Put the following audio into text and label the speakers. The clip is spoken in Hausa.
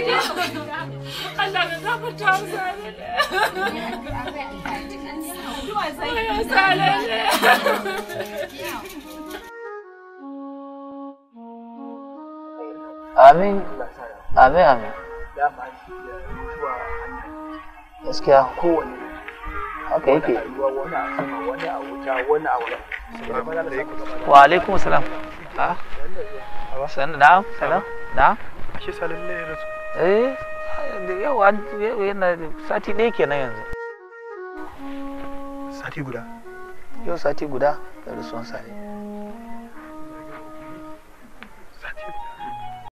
Speaker 1: Allah Amin. Amin amin. Gaskiya. Kowane. Wa alaikum salam. Ah? salam, ashe salalle ya rasu eh yau yana sati ɗaya kenan yanzu sati guda yau sati guda da rasuwan sale